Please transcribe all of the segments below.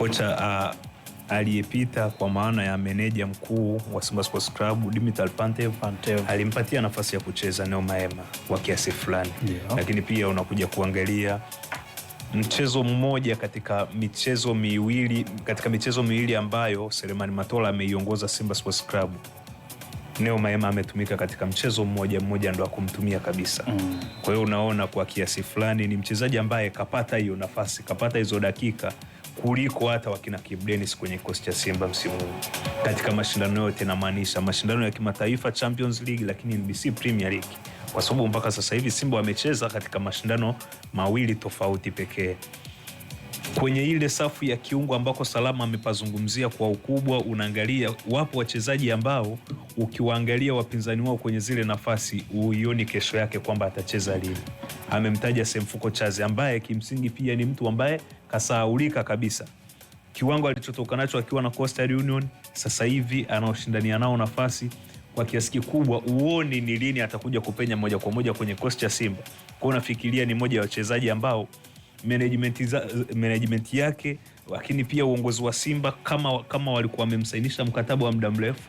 Kocha uh, aliyepita kwa maana ya meneja mkuu wa Simba Sports Club Dimitar Pantev, Pantev alimpatia nafasi ya kucheza Neo Maema kwa kiasi fulani yeah. Lakini pia unakuja kuangalia mchezo mmoja katika michezo miwili katika michezo miwili ambayo Selemani Matola ameiongoza Simba Sports Club, Neo Maema ametumika katika mchezo mmoja mmoja, ndo akumtumia kabisa mm. Kwa hiyo unaona kwa kiasi fulani ni mchezaji ambaye kapata hiyo nafasi, kapata hizo dakika kuliko hata wakina Kibu Denis kwenye kikosi cha Simba msimu huu katika mashindano yote, namaanisha mashindano ya kimataifa, Champions League, lakini NBC Premier League, kwa sababu mpaka sasa hivi Simba wamecheza katika mashindano mawili tofauti pekee kwenye ile safu ya kiungo ambako Salama amepazungumzia kwa ukubwa, unaangalia wapo wachezaji ambao ukiwaangalia wapinzani wao kwenye zile nafasi uioni kesho yake kwamba atacheza lini. Amemtaja Semfuko Chazi ambaye kimsingi pia ni mtu ambaye kasahaulika kabisa kiwango alichotoka nacho akiwa na Coastal Union, sasa hivi anaoshindania nao nafasi kwa kiasi kikubwa, uoni ni lini atakuja kupenya moja kwa moja kwenye kosi cha Simba. Kwa unafikiria ni moja ya wachezaji ambao management, za, management yake, lakini pia uongozi wa Simba kama, kama walikuwa wamemsainisha mkataba wa muda mrefu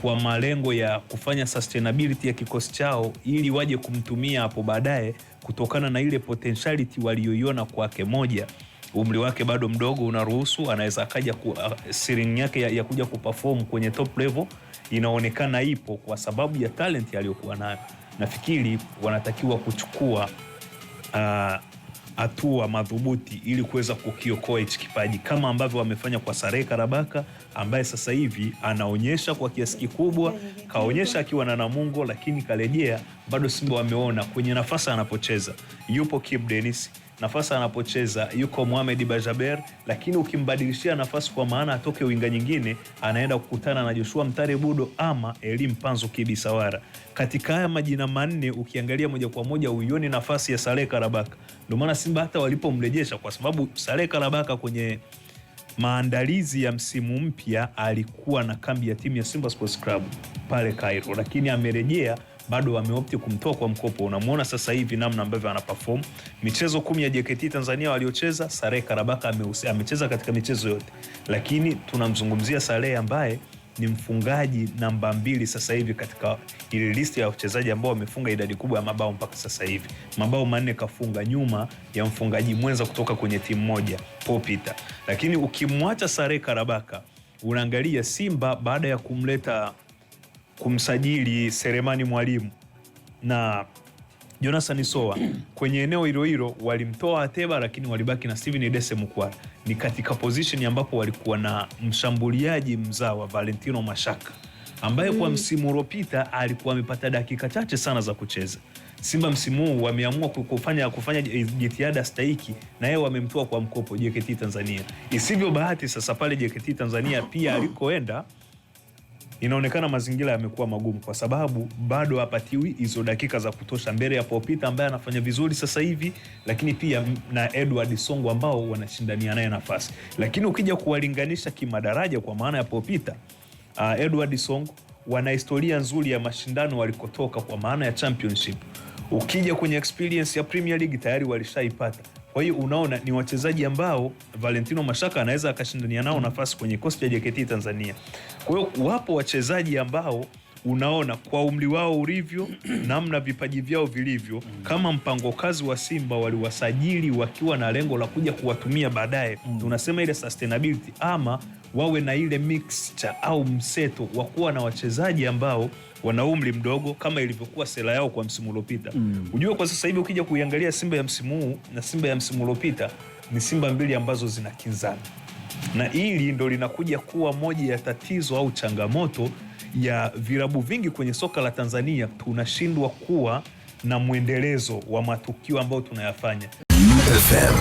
kwa malengo ya kufanya sustainability ya kikosi chao ili waje kumtumia hapo baadaye kutokana na ile potentiality walioiona kwake. Moja, umri wake bado mdogo unaruhusu, anaweza akaja uh, siring yake ya, ya kuja kuperform kwenye top level inaonekana ipo kwa sababu ya talent aliyokuwa nayo. Nafikiri wanatakiwa kuchukua uh, hatua madhubuti ili kuweza kukiokoa hichi kipaji kama ambavyo wamefanya kwa Sarehe Karabaka ambaye sasa hivi anaonyesha kwa kiasi kikubwa, kaonyesha akiwa na Namungo, lakini karejea bado Simba wameona kwenye nafasi anapocheza yupo Kibu Denis, nafasi anapocheza yuko Mohamed Bajaber, lakini ukimbadilishia nafasi kwa maana atoke winga nyingine, anaenda kukutana na Joshua Mtare Budo ama Eli Mpanzu Kibi Sawara. Katika haya majina manne ukiangalia moja kwa moja uioni nafasi ya Saleh Karabaka. Ndio maana Simba hata walipomrejesha, kwa sababu Saleh Karabaka kwenye maandalizi ya msimu mpya alikuwa na kambi ya timu ya Simba Sports Club pale Cairo, lakini amerejea bado wameopti kumtoa kwa mkopo. Unamwona sasa hivi namna ambavyo anaperform. Michezo kumi ya JKT Tanzania waliocheza, Sare Karabaka amecheza katika michezo yote, lakini tunamzungumzia Sare ambaye ni mfungaji namba mbili sasa hivi katika ile listi ya wachezaji ambao wamefunga idadi kubwa ya mabao mpaka sasa hivi, mabao manne kafunga, nyuma ya mfungaji mwenza kutoka kwenye timu moja Paul Peter. Lakini ukimwacha Sare Karabaka, unaangalia Simba baada ya kumleta kumsajili Selemani Mwalimu na Jonathan Soa kwenye eneo hilo hilo walimtoa Ateba, lakini walibaki na Steven Dese Mukwala. Ni katika position ambapo walikuwa na mshambuliaji mzawa Valentino Mashaka ambaye kwa mm. msimu uliopita alikuwa amepata dakika chache sana za kucheza. Simba msimu huu wameamua kufanya kufanya jitihada stahiki na yeye wamemtoa kwa mkopo JKT Tanzania. Isivyo bahati sasa pale JKT Tanzania pia alikoenda inaonekana mazingira yamekuwa magumu, kwa sababu bado hapatiwi hizo dakika za kutosha mbele ya popita ambaye anafanya vizuri sasa hivi, lakini pia na Edward Songo ambao wanashindania naye nafasi. Lakini ukija kuwalinganisha kimadaraja, kwa maana ya popita uh, Edward Songo wana historia nzuri ya mashindano walikotoka, kwa maana ya championship. Ukija kwenye experience ya Premier League tayari walishaipata. Kwa hiyo unaona ni wachezaji ambao Valentino Mashaka anaweza akashindania nao nafasi kwenye kikosi cha JKT Tanzania. Kwa hiyo wapo wachezaji ambao unaona kwa umri wao ulivyo namna vipaji vyao vilivyo, kama mpango kazi wa Simba waliwasajili wakiwa na lengo la kuja kuwatumia baadaye, mm. tunasema ile sustainability ama wawe na ile mixture au mseto wa kuwa na wachezaji ambao wana umri mdogo kama ilivyokuwa sera yao kwa msimu uliopita. Mm. Unajua kwa sasa hivi ukija kuiangalia Simba ya msimu huu na Simba ya msimu uliopita ni Simba mbili ambazo zinakinzana, na hili ndo linakuja kuwa moja ya tatizo au changamoto ya virabu vingi kwenye soka la Tanzania. Tunashindwa kuwa na mwendelezo wa matukio ambayo tunayafanya FM.